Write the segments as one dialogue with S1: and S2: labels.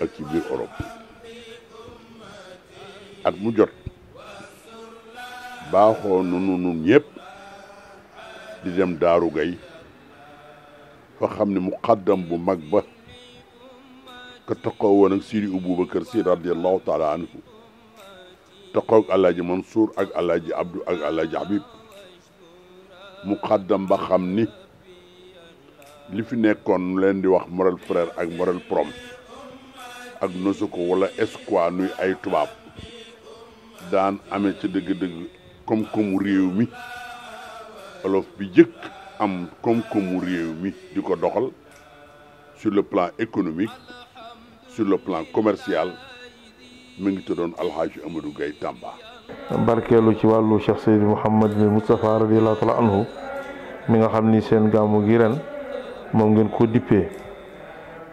S1: ak ci biir Europe at mu jot baaxoo nunu nun ñëpp di dem Daaru Gay fa xam ne muqaddam bu mag ba ko taxaw woon ak Sidi Aboubacar Si radiallahu taala anhu taxaw ak Alaaji Mansour ak Alaaji Abdou ak Alaaji Habib muqaddam ba xam ni li fi nekkoon leen di wax moral frère ak moral prom ak Nosoko wala Espoir nuy ay tubaab daan ame ca dëgg-dëgg koom-koomu réew mi olof bi jëkk am koom réew mi di ko doxal sur le plan économique sur le plan commercial mu ngi tuddoon Alxaaji Amadou Gaye Tamba.
S2: barkeelu ci wàllu Cheikh Seydi Mouhamed bin Moustapha radiyallahu taala anhu mi nga xam ni seen gàmmu gi ren moom ngeen ko dippee.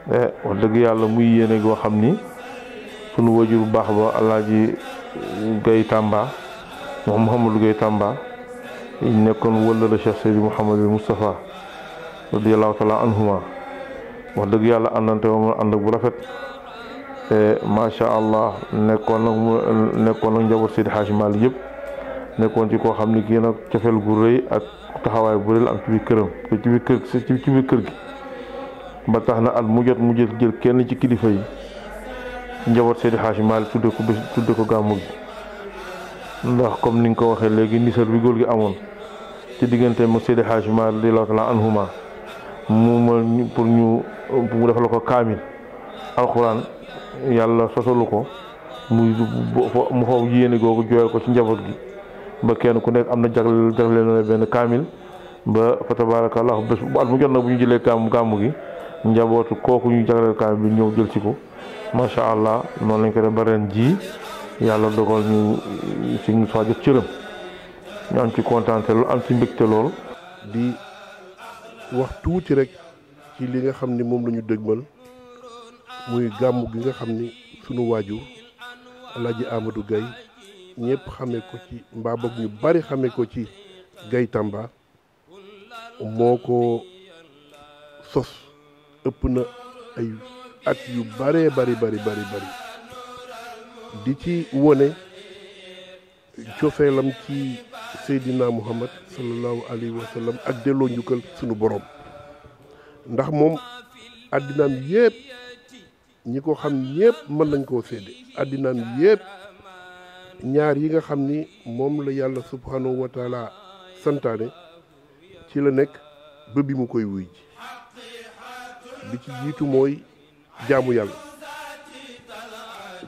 S2: Eh, wax dëgg yàlla muy yéene goo xam ni sunu wajur bu baax ba alaaji Gaye Tamba moom Mouhamadou Gaye Tamba ñu nekkoon wëllëla Cheikh Seydi Mouhamadou Moustapha radiyallahu taala anhuma wax dëgg yàlla àndante moom ànd ak bu rafet eh, macha allah nekkoon nag mu nekkoon nag njaboot Seydi Hadji Malick yëpp nekkoon ci koo xam ni kii nag cofeel gu rëy ak taxawaay bu rëy la am ci biir këram ci biir ci biir kër gi ba tax na at mu jot mu jël kenn ci kilifa yi njaboot Seydi Hadji Malick tudde ko bés gàmmu gi ndax comme ni nga ko waxee léegi nisar bi góor gi amoon ci diggante mu Seydi Hadji Malick radiyallaahu taala anhuma mu ma pour ñu mu defal ko kaamil alxuraan yàlla sosalu ko mu mu faw yéene googu jooyal ko ci njaboot gi ba kenn ku nekk am na jagleel jagleel na benn kaamil ba fa tabaarakallahu bés bu at mu jot nag bu ñu jëlee gàmmu gàmmu gi njabootu kooku ñu jagleel kaamil bi ñëw jël ko macha allah noonu lañ ko def ba ren ji yàlla dogal ñu si Moussa jot cëram ñu am ci kontaante lool am ci mbégte lool. di
S3: wax tuuti rek ci li nga xam ni moom la ñu dëgmal muy gàmm gi nga xam ni sunu waajur Alaaji Amadou gay ñëpp xamee ko ci mbaa boog ñu bari xamee ko ci Gaye Tamba moo ko sos. ëpp na ay at yu bëree bari bari bari di ci wone cofeelam ci Seydina Muhammad sallallahu alayhi wa sallam ak delloo njukkal sunu borom ndax moom addinaam yépp ñi ko xam ñépp mën nañ koo séede addinaam yépp ñaar yi nga xam ni moom la yàlla subhanahu wa santaane ci la nekk ba bi mu koy wuy li ci jiitu mooy jaamu yàlla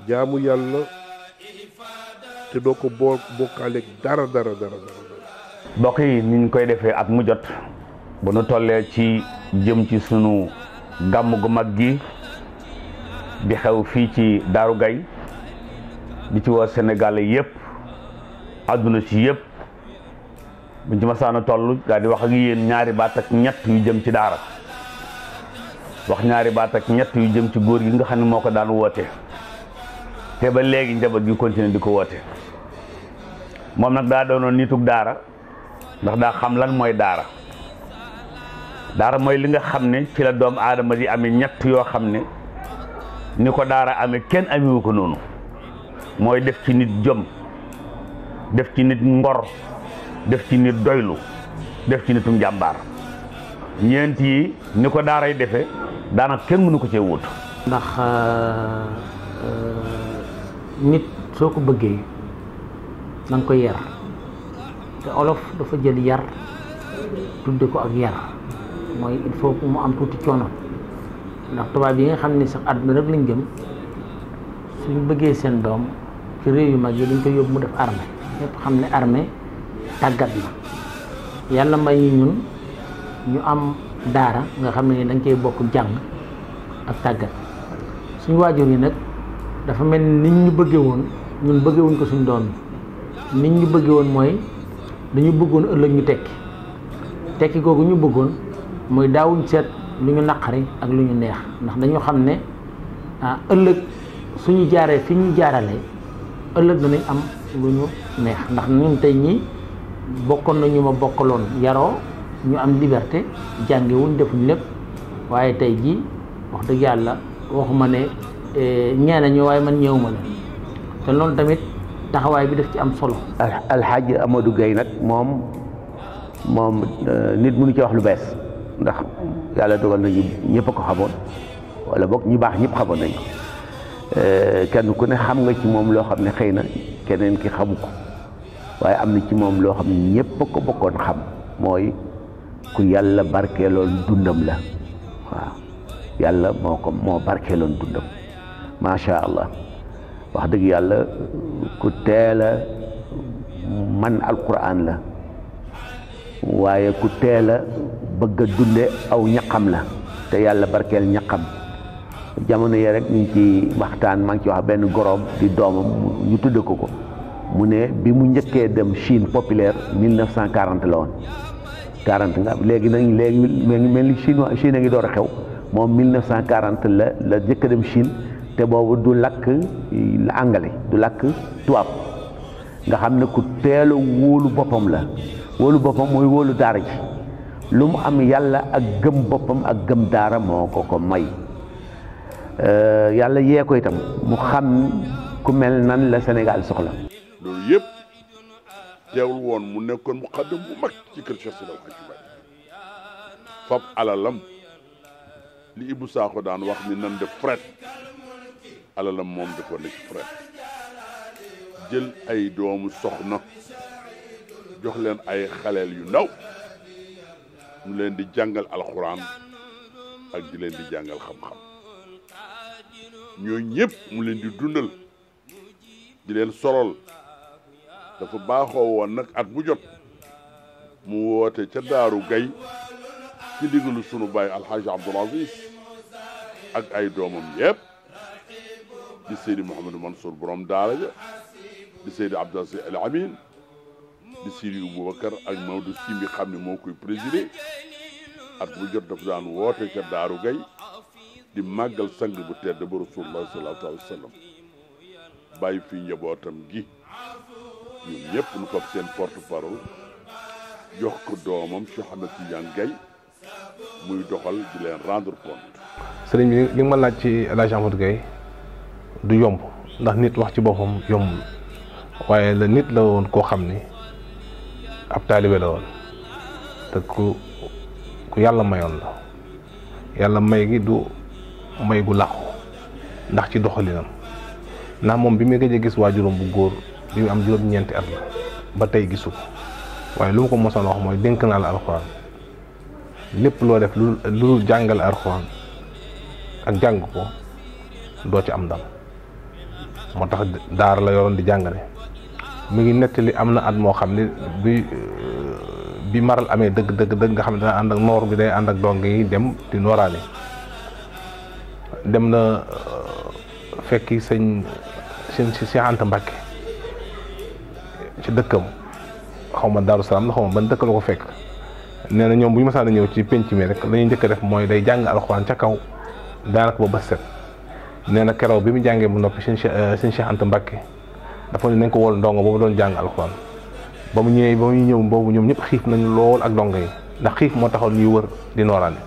S3: jaamu yàlla te doo ko boo bokkaaleeg dara dara dara dara.
S4: mbokk yi ni ñu koy defee at mu jot bu nu tollee ci jëm ci sunu gàmm gu mag gi di xew fii ci Daaru Gay di ci woo Sénégal yëpp àdduna ci yëpp buñ ci masaana toll daal di wax ak yéen ñaari baat ak ñett yu jëm ci daara. wax ñaari baat ak ñett yu jëm ci góor gi nga xam ne moo ko daan woote te ba léegi njaboot gi continuer di ko woote moom nag daa doonoon nitug daara ndax daa xam lan mooy daara daara mooy li nga xam ne ci la doom aadama di amee ñett yoo xam ne ni ko daara amee kenn amewu ko noonu mooy def ci nit jom def ci nit ngor def ci nit doylu def ci nitu njàmbaar ñeent yi ni ko daaray defe daanaka kenn mënu ko cee wut.
S5: ndax euh, euh, nit soo ko bëggee na nga koy yar te olof dafa jël yar tudde ko ak yar mooy il faut mu am tuuti coono ndax tubaab yi nga xam ne sax at mi rek lañ jëm suñu bëggee seen doom ci réew yu mag yi dañ koy yóbbu mu def armée ñëpp xam ne armée tàggat na yàlla may ñun. ñu am daara nga xam ne dañ koy bokk jàng ak tàggat suñu waajur yi nag dafa mel ni ñu bëggee woon ñun bëggee woon ko suñu doom nit ñu bëggee woon mooy dañu bëggoon ëllëg ñu tekki tekki googu ñu bëggoon mooy daawuñ seet lu ñu naqari ak lu ñu neex ndax dañu xam ne ah ëllëg suñu jaaree fi ñu jaaralee ëllëg danañ am lu ñu neex ndax ñun tey ñii bokkoon na ñu ma bokkaloon yaroo ñu am liberté jànge wuñ defuñ lépp waaye tey jii wax dëgg yàlla waxuma ne eh, ñee nañu waaye man ñëwuma ne te loolu tamit taxawaay bi daf ci am solo. alxaaji Amadou Gueye nag moom
S6: moom eh, nit mënu ci wax lu bees ndax yàlla dogal nañu ñëpp ko xamoon wala boog ñu baax ñëpp xamoon nañ ko eh, kenn ku ne xam nga ci moom loo xam ne xëy na keneen ki xamu ko waaye am na ci moom loo xam ne ko bokkoon xam mooy. ku yàlla barkeeloon dundam la waaw yàlla moo ko moo barkeeloon dundam macha allah wax dëgg yàlla ku teel a man alquran la waaye ku teel a bëgg a dunde aw ñaqam la te yàlla barkeel ñaqam jamono yee rek ñu ngi ci waxtaan maa ngi ci wax benn goroom di doomam ñu tudde ko ko mu ne bi mu njëkkee dem Chine populaire 1940 la woon quarante nga léegi nag léegi mel ni Chine Chine a ngi door a xew moom 1940 la la jëkk a dem Chine te boobu du lakk la angale du lakk tubaab nga xam ne ku teel a wóolu boppam la wóolu boppam mooy wóolu daara ji lu mu am yàlla ak gëm boppam ak gëm daara moo ko ko may euh, yàlla yee koy itam mu xam ku mel nan la
S1: Sénégal soxla loolu yëpp teewul woon mu nekkoon mu xaddam bu mag ci kër Cheikh Seydi Hadji Malick fab alalam li Ibou Sakho daan wax ni nan def fret alalam moom defoon na ci fret jël ay doomu soxna jox leen ay xaleel yu ndaw mu leen di jàngal alxuraan ak di leen di jàngal xam-xam ñooñu ñëpp mu leen di dundal di leen solol dafa baaxoo woon nag at bu jot mu woote ca daaru gay ci ndigalu sunu baay alxaaji abdul aziz ak ay doomam yépp di seydi mouhamadou mansour borom daara ja di seydi abdul aziz al amin di seydi aboubacar ak maodo si mi xam ne moo koy présider at bu jot dafa daan woote ca daaru gay di màggal sang bu tedd ba rasulullah sallallahu alayhi bàyyi fii njabootam gi ñun ñëpp nu fab seen porte parole jox ko doomam Cheikh Ahmed Tidiane muy doxal di leen rendre compte.
S7: sëriñ bi li ma laaj ci El Hadj Amadou Gaye du yomb ndax nit wax ci boppam yombul waaye la nit la woon koo xam ni ab taalibe la woon te ku ku yàlla mayoon la yàlla may gi du may gu làqu ndax ci doxalinam ndax moom bi mu gëj gis waajuram bu góor. bi am juróom-ñeenti at la ba tey gisu waaye lu ma ko mosoon wax mooy dénk naa la alxuraan lépp loo def lu lu jàngale alxuraan ak jàng ko doo ci am ndam moo tax daara la yoroon di jàngale mu ngi nettali am na at moo xam ne bi maral amee dëgg dëgg dëgg nga xam ne dana ànd ak noor bi day ànd ak dong yi dem di nooraale dem na fekk sëñ sëñ si Cheikh Anta Mbacke ci dëkkam xaw ma Daaru Salaam la xaw ma ban dëkk ko fekk nee na ñoom bu ñu masaan a ñëw ci penc mi rek la ñuy njëkk a def mooy day jàng alxuraan ca kaw daanaka ba ba set nee na keroog bi mu jàngee bu noppi sëñ euh, sëñ Cheikh Anta Mbacke dafa ne nañ ko wol ndongo boobu doon jàng alxuraan ba mu ñëwee ba muy ñëw boobu ñoom ñëpp xiif nañu lool ak dongo yi ndax xiif moo taxoon ñuy wër di nooraani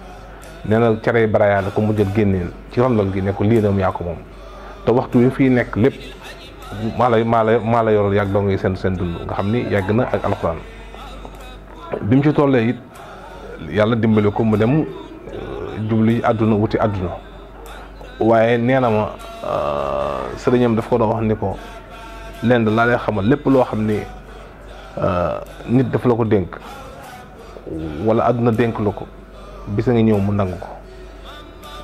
S7: nee na cere barayaale ko mu jël génneel ci rondal gi ne ko lii dem yaa ko moom te waxtu wi fii nekk lépp maa la maa la maa la yoral yàgg dong yi seen seen dund nga xam ni yàgg na ak alxuraan bi mu ci tollee it yàlla dimbali ko mu dem euh, jubli àdduna wuti àdduna waaye nee na ma euh, sëriñam daf ko doon wax ni ko lenn laa lay xamal lépp loo xam ni euh, nit daf la ko dénk wala àdduna dénk la ko bisa ngi ñëw mu nangu ko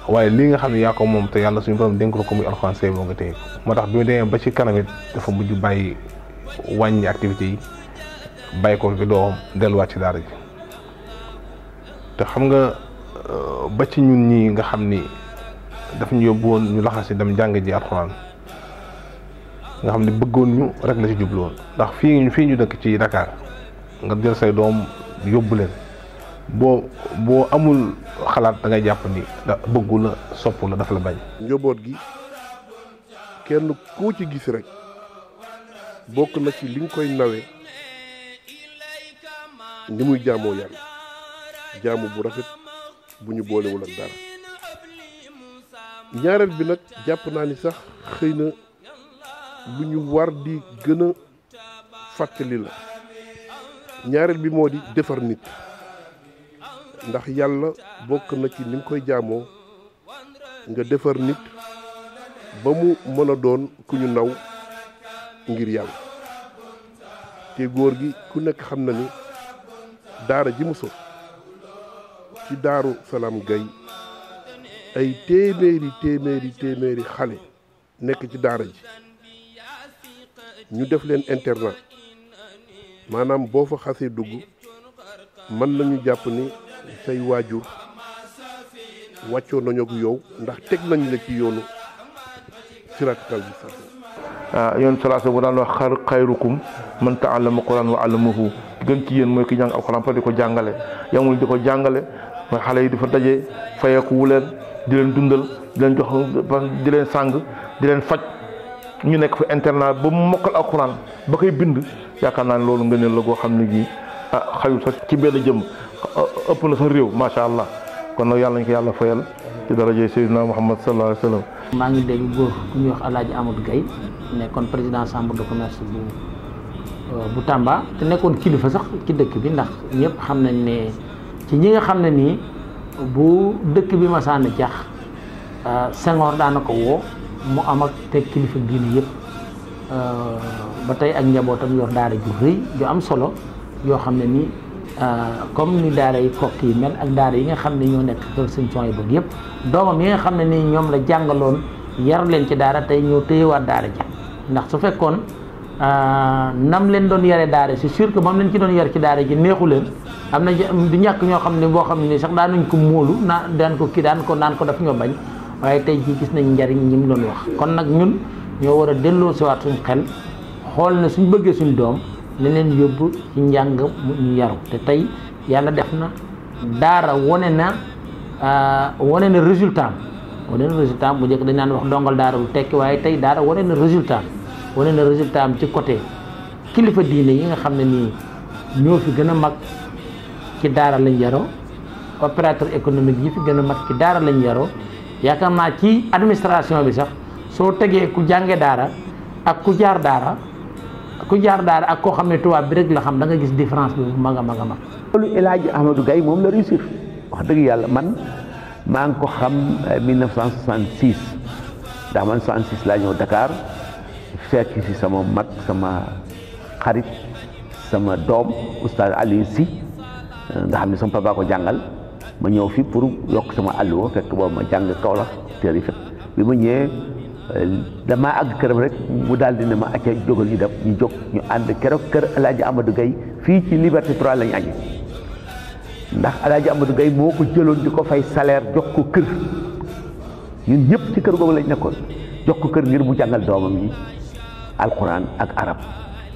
S7: waaye lii nga xam ne yaa ko moom te yàlla suñu borom dénk ko muy alxuraan say moo nga téye moo tax bi mu ba ci kanam dafa mujj bàyyi wàññi activités yi bàyyi bi doom delluwaat ci daara te xam nga euh, ba ci ñun nga xam ni daf ñu yóbbu woon ñu laxas si dem jàng ji alxuraan nga xam ne bëggoon ñu rek la ci jublu ndax fii fii ñu dëkk ci Dakar nga jël say doom yóbbu leen. boo boo amul xalaat da ngay jàpp ni da bëggu la sopp la dafa la bañ.
S3: njoboot gi kenn koo ci gis rek bokk na ci li nga koy nawee ni muy jaamoo yàlla jaamu bu rafet bu ñu boolewul ak dara ñaareel bi nag jàpp naa ni sax xëy na bu ñu war di gën a fàttali la ñaareel bi moo di defar nit. ndax yàlla bokk na ci ni koy jaamoo nga defar nit ba mu mën a doon ku ñu naw ngir yàlla te góor gi ku nekk xam na ni daara ji mu sos ci daaru salaam gay ay téeméeri téeméeri téeméeri xale nekk ci daara ji ñu def leen internat maanaam boo fa xasee dugg mën nañu jàpp ni say waajur wàccoon nañu yow ndax teg nañ la ci yoonu siraatal mustaqim
S2: ah, yoon salaasa bu daan wax xar xayrukum man taallama alquran wa allamahu gën ci yéen mooy ki jàng alquran di ko jàngale yamul di ko jàngale mooy xale yi di fa daje fayeeku wu leen di leen dundal di leen di leen sàng di leen faj ñu nekk fa internat ba mu mokkal alquran ba koy bind yaakaar naa ne loolu ngëneel la goo xam ne gii ah xayul sax ci benn jëm ëpp la sax réew macha allah kon nag yàlla nañ ko yàlla fayal ci daraje Seydina Muhammad sallallahu alayhi wa
S5: maa ngi dégg góor ku ñuy wax El Hadj Amadou Gaye nekkoon président chambre de commerce bu euh, bu Tamba te nekkoon kilifa sax ci dëkk bi ndax ñëpp xam nañ ne ci ñi nga xam ne nii bu dëkk bi masaan jax euh, Senghor daana ko woo mu am ak te kilifa diine yëpp euh, ba tey ak njabootam yor daara ju rëy ju am solo yoo xam ne nii. Euh, comme ni daara yi kokk yi mel ak daara yi nga xam ne ñoo nekk kër sëñ son yi bëgg yëpp doomam yi nga xam ne nii ñoom la jàngaloon yar leen ci daara tey ñoo téyewaat daara ja ndax su fekkoon euh, nam leen doon yare daara c'est sûr que moom ci doon yar ci daara ji neexu leen am na du ñàkk ñoo xam ne boo xam ne nii sax daanuñ ko móolu naa daan ko kii daan ko naan ko daf ñoo bañ waaye tey jii gis nañ njariñ ñi mu doon wax kon nag ñun ñoo war a delloo siwaat suñ xel xool ne suñ bëggee suñ doom li leen yóbbu ci njàng mu ñu yaru te tey yàlla def na daara wone na euh, wone na résultat wane na bu njëkk dañ naan wax dongal daara bu tekki waaye tey daara wane na résultat wane na résultat am ci côté kilifa diine yi nga xam ne nii ñoo fi gën a mag ci daara lañ yaroo opérateur économique yi fi gën a mag ki daara lañ yaroo yaakaar naa ci administration bi sax soo tegee ku jànge daara ak ku jaar daara ku jaar daara ak koo xam ne tubaab bi rek la xam da nga gis différence bi bu mag a mag a mag. loolu El Hadj
S6: Amadou Gaye moom la réussir wax dëgg yàlla man
S5: maa ngi ko xam
S6: 1966 eh, ndax man 66 laa ñëw Dakar fekk si sama mag sama xarit sama doom oustaz Aliou Sy eh, nga xam ne sama papa ko jàngal ma ñëw fi pour yokk sama alluwa fekk boobu ma jàng Kaolack teel a bi ma ñëwee. damaa àgg këram rek mu dal di ne ma acca jógal ñu def ñu jóg ñu ànd keroog kër alaaji Amadou Gaye fii ci Liberté 3 la ñu añi ndax alaaji Amadou Gaye moo ko jëloon di ko fay salaire jox ko kër ñun ñëpp ci kër googu lañ nekkoon jox ko kër ngir mu jàngal doomam yi alquran ak arab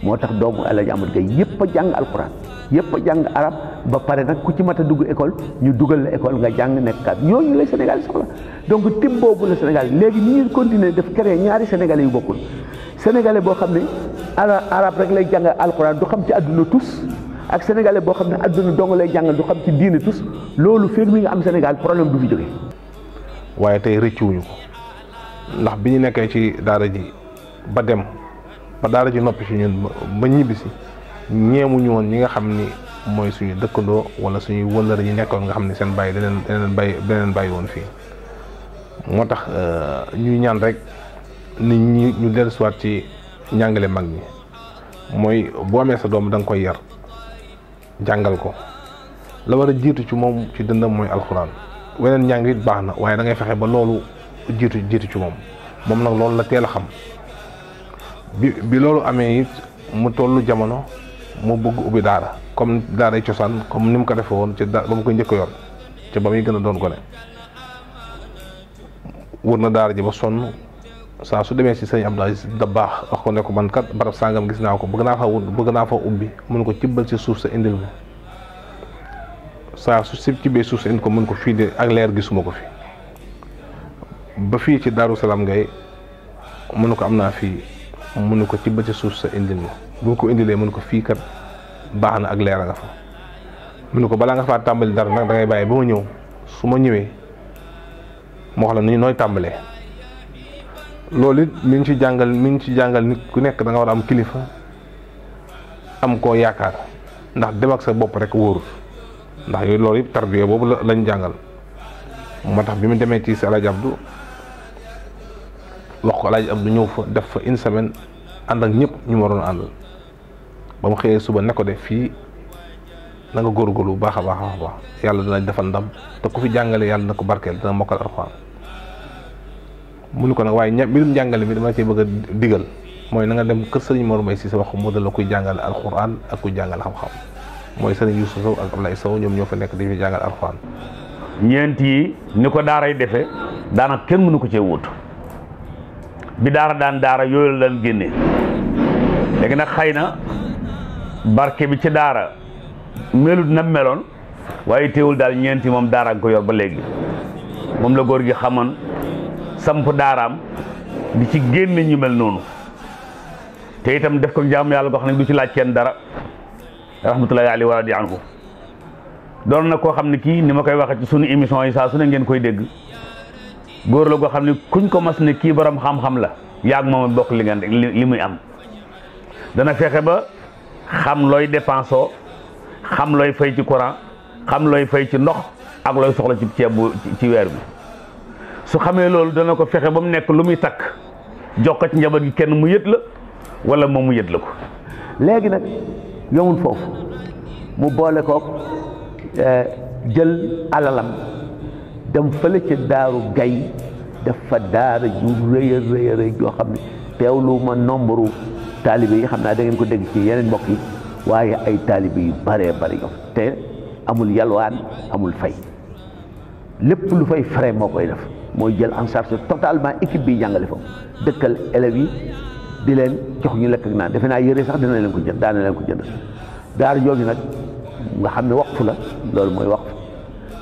S6: moo tax doomu alaaji Amadou Gaye yëpp a jàng alquran yëpp a jàng arab ba pare nag ku ci mat a dugg école ñu dugal la école nga jàng nekk kat ñooñu la Sénégal soxla donc type boobu la Sénégal léegi ñu ngi continuer daf créer ñaari sénégalais yu bokkul sénégalais boo xam ne arab rek lay jàng alxuraan du xam ci àdduna tus ak sénégalais boo xam ne àdduna dong lay jàng du xam ci diine tus loolu féeg mi nga am Sénégal problème du fi jóge
S7: waaye tey rëccuwuñu ko ndax bi ñu nekkee ci daara ji ba dem ji noppi si ñun ñeemuñu woon ñi nga xam ni mooy suñu dëkkandoo wala suñu wëllër yi nekkoon nga xam ni seen bàyyi daneen daneen bàyyi daneen bàyyi woon fii moo tax euh, ñuy ñaan rek nit ñi ñu dellusiwaat ci ñàngale mag ñi mooy boo amee sa doom danga koy yar jàngal ko la war a jiitu ci moom ci dëndam mooy alxuraan weneen njàng it baax na waaye da ngay fexe ba loolu jiitu jiitu ci moom moom nag loolu la teel a xam bi bi loolu amee it mu tollu jamono mu bëgg ubbi daara comme daaray cosaan comme ni mu ko defee woon ci da ba mu koy njëkk yor ci ba muy gën a doon gone wër na daara ji ba sonn saa su demee si sëñ Abdou Aziz baax wax ko ne ko sàngam gis naa ko bëgg naa fa wut bëgg naa fa ubbi mun ko cibbal si suuf sa indil ma saa su si cibbee suuf sa indi ko mun ko fii de ak leer gisuma ko fi ba fii ci Daaru Salaam ngay mun ko am naa fii mun ko cibbal si suuf sa indil ma boo ko indilee mun ko fii kat baax na ak leera a nga fa mun ne ko balaa nga faa tàmbali dara nag da ngay bàyyi ba ma ñëw su ma ñëwee moo xam ne ñu nooy tàmbalee loolu it mi ngi ci jàngal mi ngi ci jàngal nit ku nekk da nga war a am kilifa am koo yaakaar ndax dem ak sa bopp rek wóorul ndax yooyu loolu yëpp tarbiya boobu la lañ jàngal moo tax bi mu demee ci si Alaaji Abdu wax ko Alaaji Abdu ñëw fa def fa une semaine ànd ak ñëpp ñu waroon àndal ba mu xëyee suba ne ko def fii na góor góorgóorlu bu baax a baax a baax yàlla dinañ defal ndam te ku fi jàngale yàlla na ko barkeel dina mokkal alxuraan munu ko nag waaye ña mbirum jàngale bi dama cee bëgg digal mooy na dem kër sëriñ Mor Mbaye si sa wax mu dal la kuy jàngale alxuraan ak kuy mooy sëriñ Youssou ak Ablaye Sow
S4: ñoom ñoo fa nekk dañuy jàngal alxuraan. ñeent yi ni ko daaray defee daanaka kenn mënu ko cee wut bi daara daan daara yooyu la daan génnee léegi nag xëy na barke bi ci daara melut na meloon waaye teewul daal ñeenti moom daara nga ko yor ba léegi moom la góor gi xamoon samp daaraam di ci génne ñu mel noonu te itam def ko jaam yàlla goo xam ne du ci laaj kenn dara rahmatullahi alayhi wa di anhu doon na koo xam ne kii ni ma koy waxee ci sunu émission yi saa su ne ngeen koy dégg góor la goo xam ne kuñ ko mas ne kii borom xam-xam la yaag moom bokk li ngeen li muy am dana fexe ba xam looy dépense xam looy fay ci courant xam looy fay ci ndox ak looy soxla ci ceeb bu ci weer bi su xamee loolu dana ko fexe ba mu nekk lu muy takk jox ko ci njaboot gi kenn mu yët la wala moom mu yët la ko
S6: léegi nag yomul foofu mu boole kook euh, jël alalam dem fële ca daaru gay dafa daara ju rëy a rëy joo xam ne teewlu ma nombre taalibe yi xam naa da ngeen ko dégg ci yeneen mbokk yi waaye ay taalibi yu bëree bëri te amul yalwaan amul fay lépp lu fay frais moo koy def mooy jël en charge totalement équipe bi jàngale fa dëkkal élèves yi di leen jox ñu lekk naan defe naa yëre sax dina leen ko jënd daana leen ko jënd daara jooju nag nga xam ne waqfu la loolu mooy waqfu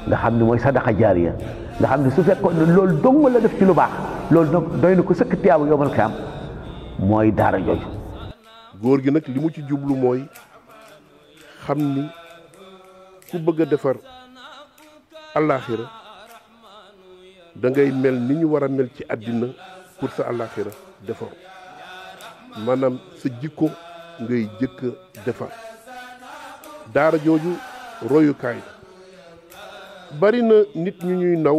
S6: nga xam ni mooy sadaqa jaariya nga xam ne su fekkoon ne loolu dong la def ci lu baax loolu nag doy na ko sëkk tiyaabu yowmal xiyaam mooy daara jooju góor gi nag li mu ci jublu mooy xam ni ku
S3: bëgg a defar àllaaxira dangay mel ni war a mel ci àddina pour sa àllaaxira defar maanaam sa jikko ngay jëkk a defar daara jooju royukaay bari na nit ñu ñuy naw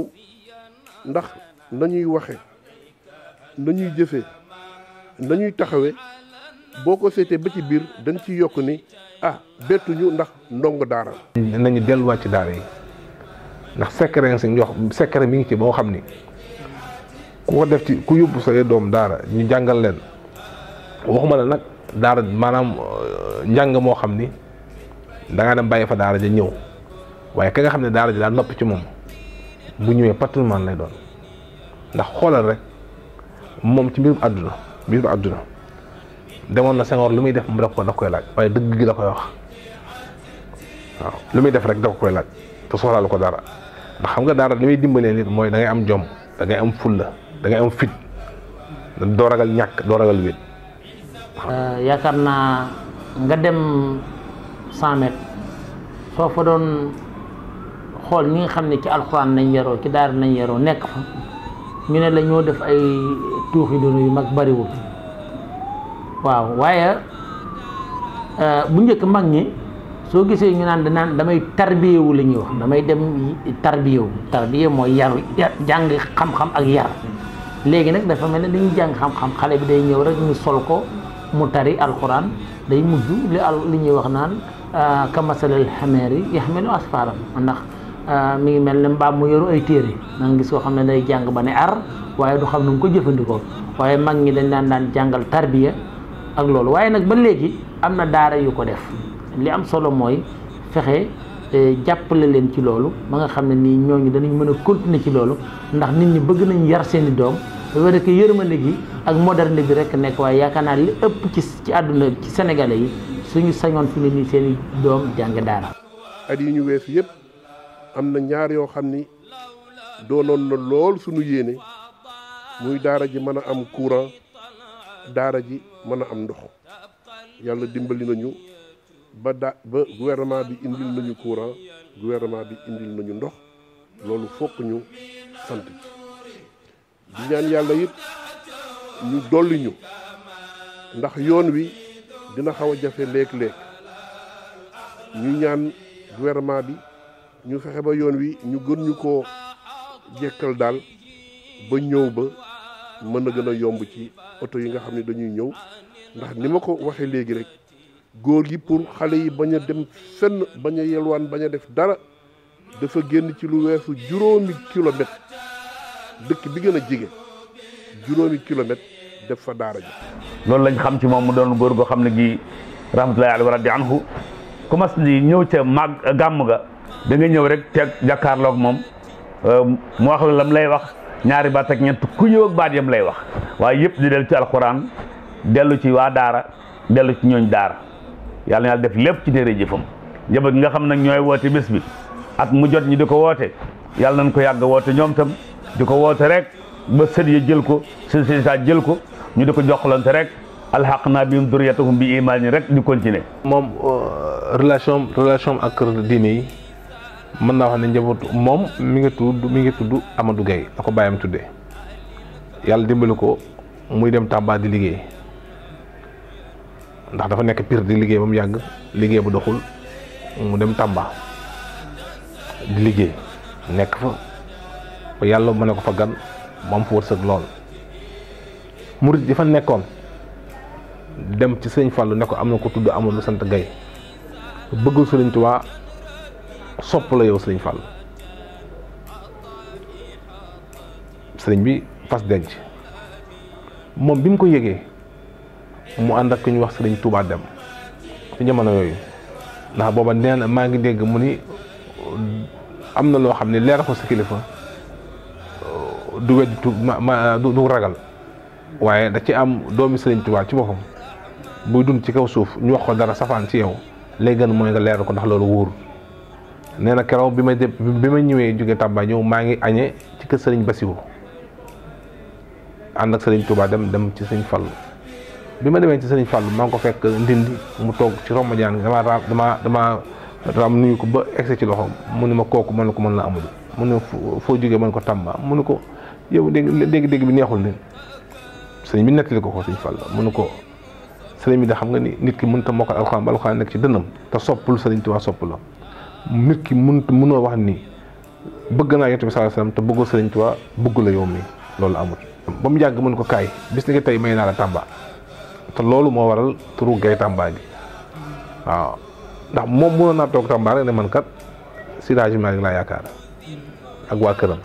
S3: ndax nañuy waxe nañuy jëfe nañuy taxawe boo ko seetee ba ci biir dañ ci yokk ni ah bettuñu ndax ndongo daara
S7: nañu delluwaat ci daara yi ndax secret si jox secret mi ngi ci boo xam ni ku ko def ci ku yóbbu say doom daara ñu jàngal leen waxuma la nag daara maanaam euh, njàng moo xam ni da dem bàyyi fa daara ja ñëw waaye ka nga xam ne daara ja daal nopp ci moom bu ñëwee patrimoine lay doon ndax xoolal rek moom ci mbirum àdduna mbirum àdduna demoon na Senghor lu muy def mu def ko daf koy laaj waaye dëgg gi la koy wax waaw lu muy def rek daf koy laaj te soxlaalu ko dara ndax xam nga dara li muy dimbalee nit mooy da am jom da ngay am fulla da ngay am fit doo ragal ñàkk doo ragal wéet.
S5: Euh, yaakaar naa nga dem 100 mètres soo fa doon xool ni nga xam ne ci alxuraan nañ yaroo ci daara nañ yaroo nekk fa ñu ne la ñoo def ay tuuxi doon yu mag bariwul. waaw waaye euh, bu njëkk mag ñi soo gisee ñu naan danaan damay tarbiyewu la ñuy wax damay dem tarbiyewu tarbiye mooy yaru jàng xam-xam ak yar léegi nag dafa mel ne dañuy jàng xam-xam xale bi day ñëw rek ñu sol ko mu tari alquran day mujj li al li ñuy wax naan yi euh, kamasalal xameeri yaxmilu asfaram ndax euh, mu ngi mel ne mbaam mu yoru ay téere da nga gis koo xam ne day jàng ba ne ar waaye du xam nu mu ko jëfandikoo waaye mag ñi dañ daan daan jàngal tarbiya ak loolu waaye nag ba léegi am na daara yu ko def li am solo mooy fexe eh, jàppale leen ci loolu ma nga xam ne nii ñooñu danañ mën a continuer ci loolu ndax nit ñi bëgg nañ yar seeni doom wala que yërmande gi ak moderne bi rek nekk waaye yaakaar naa li ëpp ci ci àdduna ci sénégalais yi suñu sañoon fi ne nii seeni doom jàng daara.
S3: at yi ñu weesu yëpp am na ñaar yoo xam ni doonoon na lool suñu yéene muy daara ji mën a am courant. daara ji mën a am ndox yàlla dimbali nañu ba da ba gouvernement bi indil nañu courant gouvernement bi indil nañu ndox loolu fokk ñu sant di ñaan yàlla it ñu dolli ndax yoon wi dina xaw a jafe léeg ñu ñaan gouvernement bi ñu fexe ba yoon wi ñu gën ñu koo jekkal daal ba ñëw ba mën na gën a yomb ci oto yi nga xam ne dañuy ñëw ndax ni ma ko waxee léegi rek góor gi pour xale yi bañ a dem fenn bañ a yelwaan bañ a def dara dafa génn ci lu weesu juróomi kilomètre dëkk bi gën a jege juróomi kilomètre def fa daara ji
S4: loolu lañ xam ci moom mu doon góor goo xam ne gi rahmatullahi alayhi wa radi anhu ku di ñëw ca mag gàmm ga da ñëw rek teg jàkkaarloog moom euh, mu wax la lam lay wax ñaari baat ak ñett ku ñëw ak baat yam lay wax waaye yëpp di dellu ci alxuraan dellu ci waa daara dellu ci ñooñ daara yàlla na yàlla def lépp ci téere jëfam njaboot gi nga xam nag ñooy woote bés bi at mu jot ñi di ko woote yàlla nañ ko yàgg woote ñoom tam di ko woote rek ba sët ya jël ko sët sa jël ko ñu di ko joxlante rek alxaq naa bi duriyatahum bi imaan rek di continuer moom relation relation ak diine yi
S7: mën naa wax ne njabootu moom mi ngi tudd mi ngi tudd Amadou Gaye na ko bàyyam tudde yàlla dimbali ko muy dem Tamba di liggéey ndax dafa nekk Pire di liggéey ba mu yàgg liggéey bu doxul mu dem Tamba di liggéey nekk fa yàlla mën ne ko fa gan mu am wërsëg lool murit yi fa nekkoon dem ci sëñ Fallou ne ko am na ko tudd amul sant Gaye bëggul Sëriñ Tuubaa sopp la yow sëriñ Fall sëriñ bi fas denc moom bi mu ko yëgee mu ànd ak ku ñu wax sëriñ Touba dem ci jamono yooyu ndax booba nee na maa ngi dégg mu ni am na loo xam ne leera ko sa kilifa du wedditu ma du ragal waaye da ci am doomi sëriñ Touba ci boppam buy dund ci kaw suuf ñu wax ko dara safaan ci yow lay gën mooy nga leer ko ndax loolu wóorul. nee na keroog bi ma de bi ma ñëwee jóge Tamba ñëw maa ngi añee ci kër Serigne Bassirou ànd ak Serigne Touba dem dem ci Serigne Fall bi ma demee ci Serigne Fall maa ngi ko fekk ndindi mu toog ci romb jaan gi damaa damaa damaa raam nuyu ko ba egsi ci loxoom mu ne ma kooku mën na ko mën la amul mu ne foo jógee mën ko Tamba mu ne ko yow dégg dégg bi neexul leen sëriñ bi nettali ko ko Serigne Fall mu ne ko sëriñ bi da xam nga ni nit ki mënut a mokkal alxuraan ba alxuraan nekk ci dënnam te soppul Serigne Touba sopp nit ki mun munoo wax ni bëgg naa yonent bi sallallahu alayhi te bëggoo Sëriñ Tuubaa bëggu la yow mi loolu amul. ba mu mën ko kaay bis ni tey may naa Tamba te loolu moo waral turu gay Tamba gi waaw moom mënoon toog Tamba rek ne man kat Seydi Maalik laa yaakaar waa këram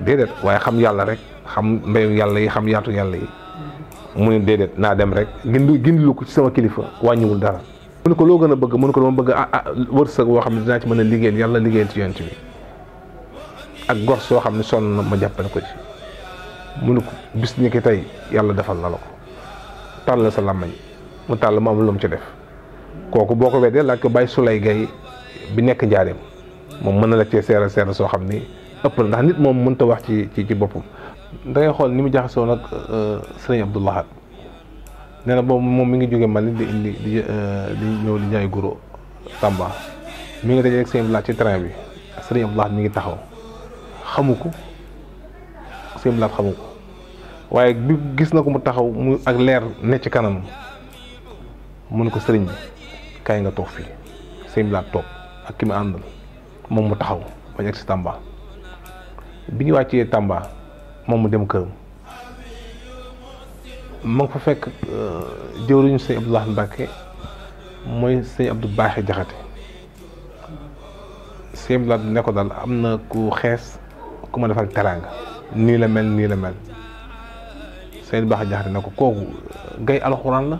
S7: déedéet waaye xam yàlla rek xam mbayu yàlla yi xam yaatu yàlla yi mu ne déedéet naa dem rek gindi gindilu ko ci sama kilifa wàññiwul dara. mu ko loo gën a bëgg mu ko dama bëgg ah, ah wërsëg woo xam ne dinaa ci mën a liggéeyal yàlla liggéeyal ci yonent bi ak gor soo xam ne sonn na ma jàppale ko ci mu ne ko bis ni ki tey yàlla defal na la ko tàll sa làmmañ mu tàll ma am lu mu ci def kooku boo ko weddee laaj ko bàyyi sulay gay bi nekk njaareem moom mën na la cee seer seeral soo xam ni ëpp na ndax nit moom mënta wax ci ci ci boppam da ngay xool ni mu jaxasoo nag euh, sëriñ Abdou Lahad nee na boobu moom mi ngi jóge ni di indi euh, di ñëw di jaay guro Tamba mu ngi dajeeg sëñ Blaat ci train bi sëñ Blaat mi ngi taxaw xamu ko sëñ Blaat xamu ko waaye bi gis na ko mu taxaw mu ak leer ne ci kanam mu ne ko sëriñ bi kaay nga toog fii sëñ Blaat toog ak ki mu àndal moom mu taxaw bañ egg si Tamba bi ñu wàccee Tamba moom mu dem këram. ma nga fa fekk euh, jëwriñu sëñ Abdoulaye Mbacke mooy sëñ Abdou Baaxe Jaxate sëñ Abdoulaye nekko ko daal am na ku xees ku ma defal teraanga nii la mel nii la mel sëñ Baaxe Jaxate ne ko kooku euh, gay alxuraan la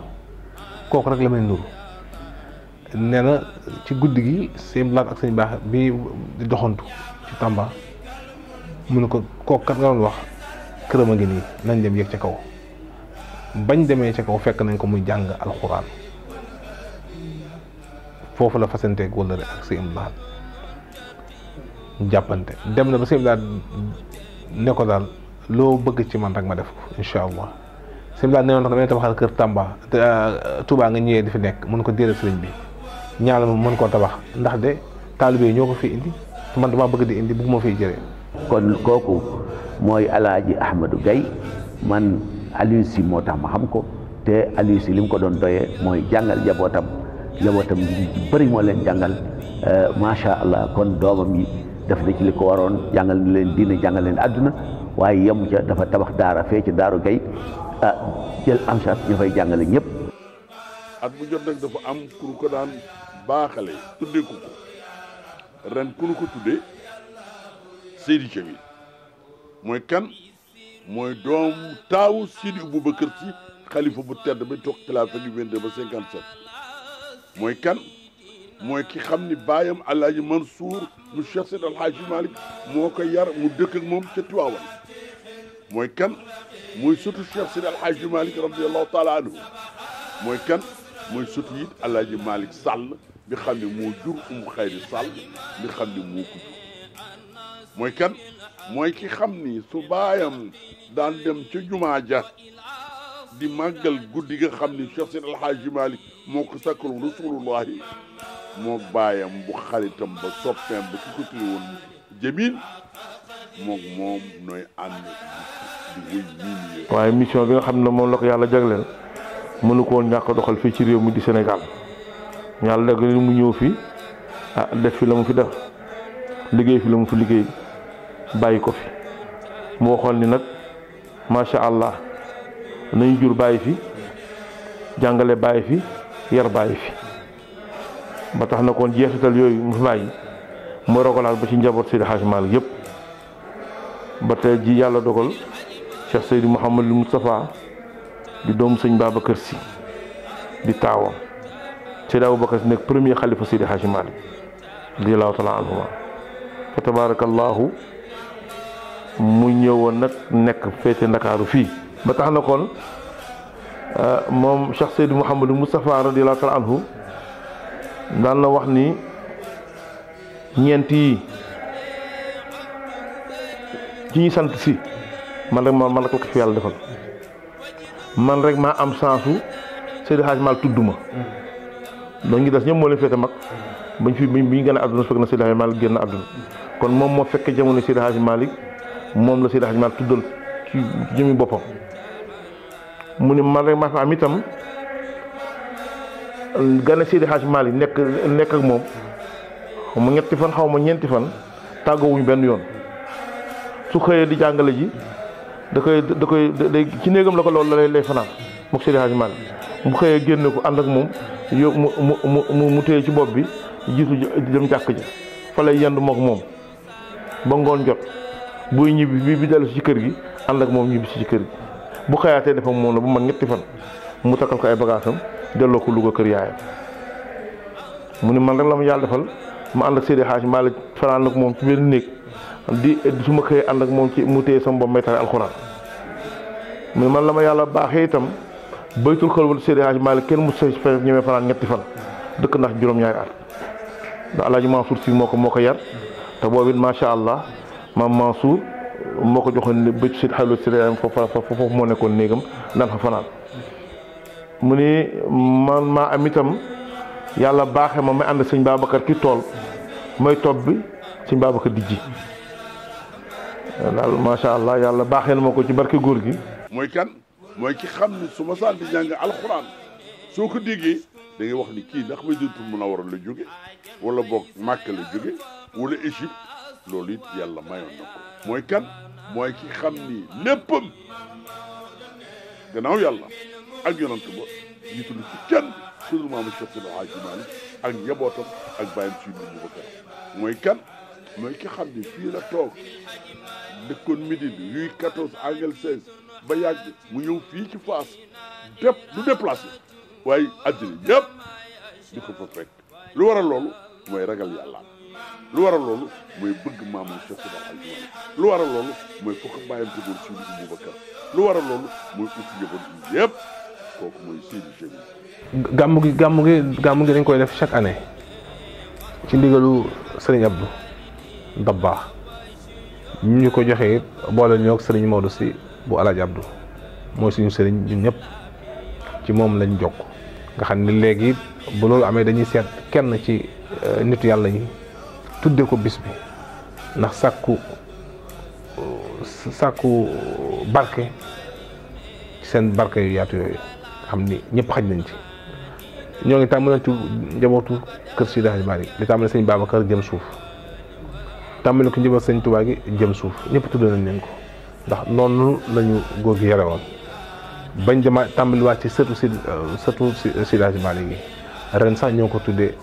S7: kooku rek la may nuru nee na ci guddi gi sëñ Abdoulaye ak sëñ Baaxe bi di doxantu ci Tamba mu ne ko kooku kat nga doon wax këram a ngi nii nañ dem yëg ca kaw bañ demee ca kaw fekk nañ ko muy jàng alxuraan foofu la fasanteeg wala rek ak si im jàppante dem na ba si im laal ko daal loo bëgg ci man rek ma def ko incha allah si im laal kër Tamba ah, Touba nga ñëwee di nekk mun ko déedéet sëriñ bi ñaar mën koo tabax ndax de taalibe yi ñoo ko
S6: fi indi man damaa bëgg di indi bëgguma fiy jëlee. kon kooku mooy Alaaji Ahmadou Gaye Aliou Sy moo tax ma xam ko te Aliou Sy ko doon doyee mooy jàngal njabootam njabootam ji bëri moo leen jàngal euh, macha allah kon doomam yi def na ci li ko waroon jàngal na leen diine jàngal leen àdduna waaye yem ca dafa tabax daara fee ci daaru gay ah jël am sax ñu jàngale ñëpp.
S1: at bu jot nag dafa am ku ko daan baaxale tuddee ko ren ku ko tuddee Seydi mooy kan. mooy doom taawu Sidi Aboubacar si xalifa bu tedd ba toog xilaafa gi vingt-deux ba cinquante sept mooy kan mooy ki xam ni baayam alaaji Mansour mu Cheikh Seydi Alhaaji Malick moo ko yar mu dëkk moom ca Tiwaawan mooy kan mooy sutu Cheikh Seydi Alhaaji Malick radiallahu taala anhu mooy kan mooy sutu it alaaji Malick sal bi xam ne moo jur um xayri Sall bi xam ne moo ko jur mooy kan mooy ki xam ni su baayam daan dem ca jumaa ja di màggal guddi nga xam ni Cheikh Seydi El Hadji Malick moo ko sakkal rasulullahi moo baayam bu xaritam ba soppeem ba ki ko tudde woon jëmin moom moom nooy ànd di wéy
S2: nii waaye mission bi nga xam ne moom la ko yàlla jagleel mënu ko fii ci réew mi di Sénégal yàlla dagg mu ñëw fi ah def fi la mu fi def liggéey fi la mu fi liggéey bàyyi ko fi mu waxoon ni nag macha allah nañ jur bàyyi fi jàngale bàyyi fi yar bàyyi fi ba tax na koon jeexital yooyu mu fi bàyyi mooy rogalaat ba ci njaboot Seydi Hadji Malick yëpp ba te ji yàlla dogal Cheikh Seydi Mouhamadul Moustapha di doomu sëñ kër si di taawam Seydi Aboubacar Sy nekk premier xalifa Seydi Hadji Malick radiyallahu taala anhuma fa tabarakallahu mu ñëwoon nag nekk féete ndakaaru fii ba tax na kon euh, moom Cheikh Seydou Mouhamadou Moustapha radiyallahu taala anhu daan na wax ni ñeenti yi ci ñu sant si man rek ma man rek la ko fi yàlla defal man rek maa am sansu Seydou Hadj Mal tudduma dañ ngi des ñëpp moo leen féete mag bañ fi bi ñu gën a àdduna fekk na Seydou Hadj Malick génn àdduna kon moom moo fekk jamono Seydou Hadj Malick moom la Seydi Hadji Malick tuddal ci jëmi boppam mu ni man rek ma ko am itam gane Seydi Hadji Malick nekk nekk ak moom mu ñetti fan xaw ma ñeenti fan tàggoowuñu benn yoon su xëyee di jàngale ji da koy da koy day ci néegam la ko loolu lay lay fanaan mook Seydi Hadji Malick mu xëyee génn ko ànd ak moom yo mu mu mu mu téye ci bopp bi jiitu dem jàkk ji fa lay yendu mook moom ba ngoon jot buy ñibbi bi bi dellu ci kër gi ànd ak moom ñibbi si ci kër gi bu xayaatee dafa moom la bu mag ñetti fan mu takkal ko ay bagaasam delloo ko Louga kër yaayam mu ni man rek la ma yàlla defal ma ànd ak Seydi Hadj Malick fanaan ak moom ci benn néeg di su ma xëyee ak moom ci mu téye sama bopp may tare man la ma yàlla baaxee itam baytul xalwal Seydi Hadj Malick kenn mu sëy fa ñemee fanaan ñetti fan dëkk ndax juróom-ñaari at ndax Alaaji Mansour Si moo ko moo ko yar te boobu it allah maam Mansour moo ko joxoon ne bëcc si xalu si yaayam foofu moo nekkoon néegam daan fa fanaan mu ne man maa am itam yàlla baaxee ma may ànd sëñ Babacar ci tool may topp bi sëñ Babacar di ji daal macha allah yàlla baaxee na ma ko ci barke góor gi.
S1: mooy kan mooy ki xam ne su ma sant jàng alxuraan soo ko déggee da wax ni kii ndax Madinatul Munawwara la jóge wala boog Màkka la jóge wala Égypte. loolu it yàlla mayoon na ko mooy kan mooy ki xam ni léppam gannaaw yàlla ak yonant ba jiitu lu ci kenn sunu maam Cheikh Seydi Hadji Malick ak njabootam ak bàyyam si lu mu ko mooy kan mooy ki xam ni fii la toog dëkkoon Médine yuy 14 angle 16 ba yàgg mu ñëw fii ci Fass dép du déplacé waaye àddina yëpp di ko fa fekk lu waral loolu mooy ragal yàlla lu waral loolu mooy bëgg maamam Cheikh Oumar Al lu war a mooy fokk bàyyam loolu mooy ut njaboot yëpp kooku gi
S7: gàmmu gi gàmmu gi dañ koy def chaque année ci ndigalu Serigne Abdou baax ñu ñu ko joxee it boole ñoo ak Serigne Maodo si bu El Hadj mooy suñu Serigne ñun ñëpp ci moom lañ jokk nga xam ne léegi bu loolu amee dañuy seet kenn ci euh, nit yàlla yi. tudde ko bis bi ndax sàkku sàkku barke seen barke yu yaatu yooyu xam ni ñëpp xaj nañ ci ñoo ngi tàmbali ci njabootu kër Seydi Hadji Malick li tàmbali sëñ Babacar jëm suuf tàmbali ko njaboot sëñ Tuubaa gi jëm suuf ñëpp tudd nañ leen ko ndax noonu lañu góor gi yore woon bañ dama tàmbaliwaat ci sëtu si sëtu Seydi Hadji Malick ren sax ñoo ko tuddee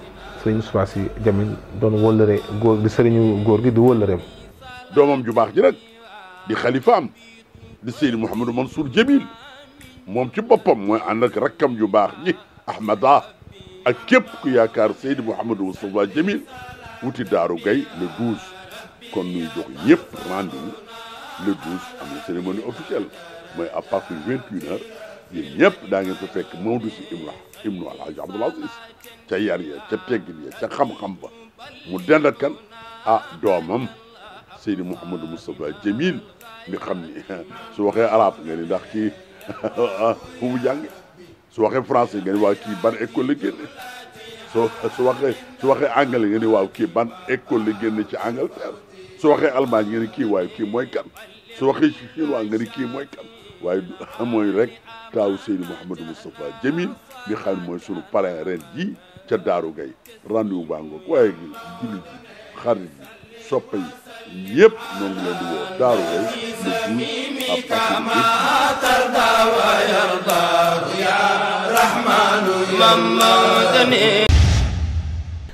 S7: sëñ Moustapha Sy Jamil doon wëllëre góor di sëriñu góor gi di wëllëreem
S1: doomam ju baax ji nag di xalifaam di Seydi Mouhamadou Mansour Jamil moom ci boppam mooy ànd ak rakkam ju baax ji Ahmada ak képp ku yaakaar Seydi Mouhamadou Moustapha Jamil wuti Daaru Gay le 12 kon nuy jox ñëpp rendez-vous le am na cérémonie officielle mooy à partir de 21 yéen ñëpp daa ngeen fekk Maodo si Ibra Ibnu El Hadj Abdoul Aziz ca yar ya ca teggin ya ca xam-xam ba mu dend ak kan ah doomam Seydi Mouhamadou Moustapha Jamil mi xam ni su waxee arab nga ni ndax kii fu mu jànge su waxee français nga ni waaw kii ban école la génne soo su waxee su waxee anglais nga ni waaw kii ban école la génne ci Angleterre su waxee almaañ nga kii waayu kii mooy su waxee chinois kii mooy kan waaye mooy rek taaw Seydou Mouhamadou Moustapha Jamil bi xam mooy sunu parrain ren ji ca Daaru Gay rendez-vous baa ngoog waaye jullit ji xarit yi soppe yi ñëpp ñoo ngi leen di woo Daaru Gay le
S6: douze à partir de